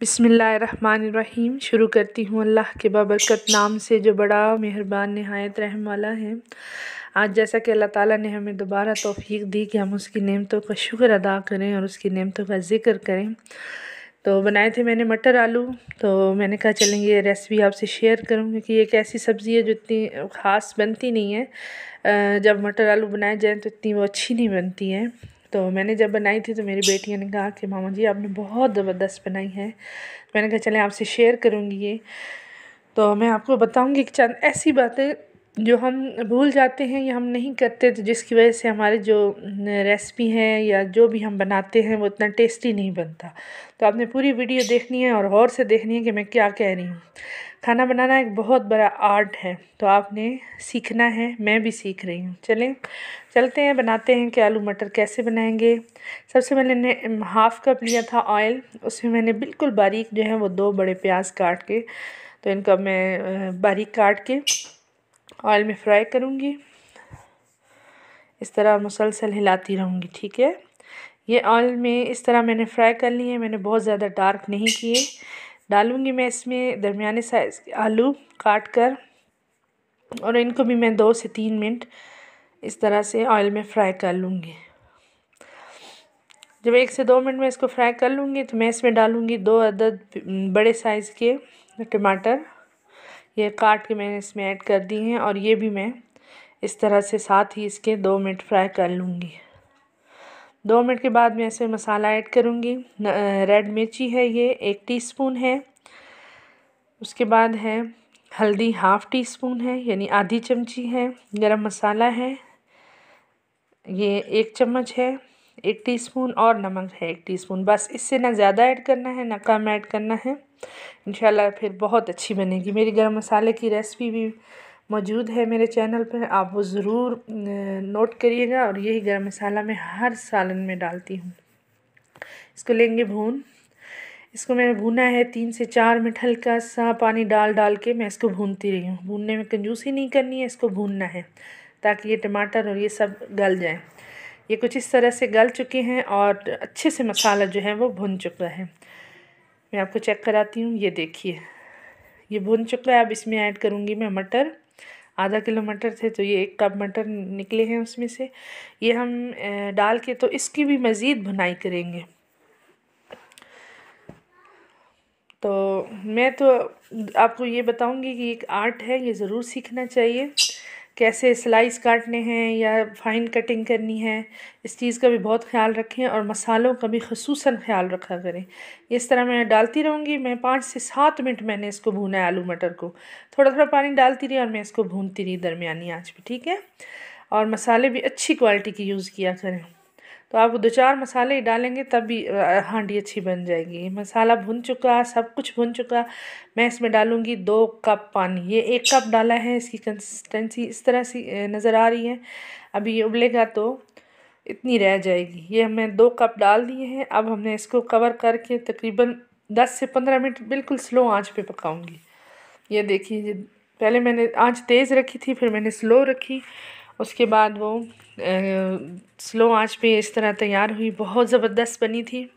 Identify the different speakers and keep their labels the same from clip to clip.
Speaker 1: बिसमीम शुरू करती हूँ अल्लाह के बाबरकत नाम से जो बड़ा मेहरबान नहायत रहम वाला है आज जैसा कि अल्लाह ताला ने हमें दोबारा तोफ़ी दी कि हम उसकी नेमतों का शुक्र अदा करें और उसकी नेमतों का ज़िक्र करें तो बनाए थे मैंने मटर आलू तो मैंने कहा चलें ये रेसिपी आपसे शेयर करूँ क्योंकि ये एक ऐसी सब्ज़ी है जो इतनी ख़ास बनती नहीं है जब मटर आलू बनाए जाएँ तो इतनी वो अच्छी नहीं बनती है तो मैंने जब बनाई थी तो मेरी बेटियों ने कहा कि मामा जी आपने बहुत ज़बरदस्त बनाई है मैंने कहा चले आपसे शेयर करूँगी ये तो मैं आपको बताऊँगी कि चंद ऐसी बातें जो हम भूल जाते हैं या हम नहीं करते तो जिसकी वजह से हमारे जो रेसिपी हैं या जो भी हम बनाते हैं वो इतना टेस्टी नहीं बनता तो आपने पूरी वीडियो देखनी है और गौर से देखनी है कि मैं क्या कह रही हूँ खाना बनाना एक बहुत बड़ा आर्ट है तो आपने सीखना है मैं भी सीख रही हूँ चलें चलते हैं बनाते हैं कि आलू मटर कैसे बनाएंगे सबसे पहले मैंने हाफ़ कप लिया था ऑयल उसमें मैंने बिल्कुल बारीक जो है वो दो बड़े प्याज काट के तो इनका मैं बारीक काट के ऑयल में फ्राई करूँगी इस तरह मुसलसल हिलाती रहूँगी ठीक है ये ऑयल में इस तरह मैंने फ्राई कर ली है मैंने बहुत ज़्यादा डार्क नहीं किए डालूँगी मैं इसमें दरमियाने साइज़ के आलू काट कर और इनको भी मैं दो से तीन मिनट इस तरह से ऑयल में फ्राई कर लूँगी जब एक से दो मिनट में इसको फ्राई कर लूँगी तो मैं इसमें डालूँगी दो अदद बड़े साइज़ के टमाटर ये काट के मैंने इसमें ऐड कर दी हैं और ये भी मैं इस तरह से साथ ही इसके दो मिनट फ्राई कर लूँगी दो मिनट के बाद मैं इसमें मसाला ऐड करूँगी रेड मिर्ची है ये एक टीस्पून है उसके बाद है हल्दी हाफ़ टी स्पून है यानी आधी चमची है गरम मसाला है ये एक चम्मच है एक टीस्पून और नमक है एक टीस्पून बस इससे ना ज़्यादा ऐड करना है ना कम ऐड करना है इन फिर बहुत अच्छी बनेगी मेरी गरम मसाले की रेसिपी भी मौजूद है मेरे चैनल पर आप वो ज़रूर नोट करिएगा और यही गरम मसाला मैं हर सालन में डालती हूँ इसको लेंगे भून इसको मैंने भूना है तीन से चार मिनट हल्का सा पानी डाल डाल के मैं इसको भूनती रही हूँ भूनने में कंजूसी नहीं करनी है इसको भूनना है ताकि ये टमाटर और ये सब गल जाए ये कुछ इस तरह से गल चुके हैं और अच्छे से मसाला जो है वो भुन चुका है मैं आपको चेक कराती हूँ ये देखिए ये भुन चुका है अब इसमें ऐड करूँगी मैं मटर आधा किलो मटर थे तो ये एक कप मटर निकले हैं उसमें से ये हम डाल के तो इसकी भी मज़ीद भुनाई करेंगे तो मैं तो आपको ये बताऊंगी कि एक आर्ट है ये ज़रूर सीखना चाहिए कैसे स्लाइस काटने हैं या फ़ाइन कटिंग करनी है इस चीज़ का भी बहुत ख्याल रखें और मसालों का भी खसूस ख्याल रखा करें इस तरह मैं डालती रहूँगी मैं पाँच से सात मिनट मैंने इसको भूना है आलू मटर को थोड़ा थोड़ा पानी डालती रही और मैं इसको भूनती रही दरमियानी आँच पर ठीक है और मसाले भी अच्छी क्वालिटी के यूज़ किया करें तो आप दो चार मसाले ही डालेंगे तभी हांडी अच्छी बन जाएगी मसाला भुन चुका सब कुछ भुन चुका मैं इसमें डालूँगी दो कप पानी ये एक कप डाला है इसकी कंसिस्टेंसी इस तरह सी नज़र आ रही है अभी ये उबलेगा तो इतनी रह जाएगी ये हमने दो कप डाल दिए हैं अब हमने इसको कवर करके तकरीबन दस से पंद्रह मिनट बिल्कुल स्लो आँच पर पकाऊंगी ये देखिए पहले मैंने आँच तेज़ रखी थी फिर मैंने स्लो रखी उसके बाद वो स्लो आंच पे इस तरह तैयार हुई बहुत ज़बरदस्त बनी थी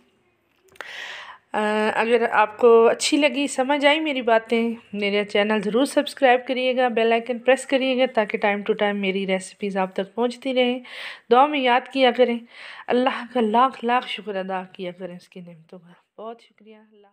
Speaker 1: अगर आपको अच्छी लगी समझ आई मेरी बातें मेरा चैनल ज़रूर सब्सक्राइब करिएगा बेल आइकन प्रेस करिएगा ताकि टाइम टू टाइम मेरी रेसिपीज़ आप तक पहुंचती रहें दुआ में याद किया करें अल्लाह का लाख लाख शुक्र अदा किया करें उसकी नियमतों का बहुत शुक्रिया अल्लाह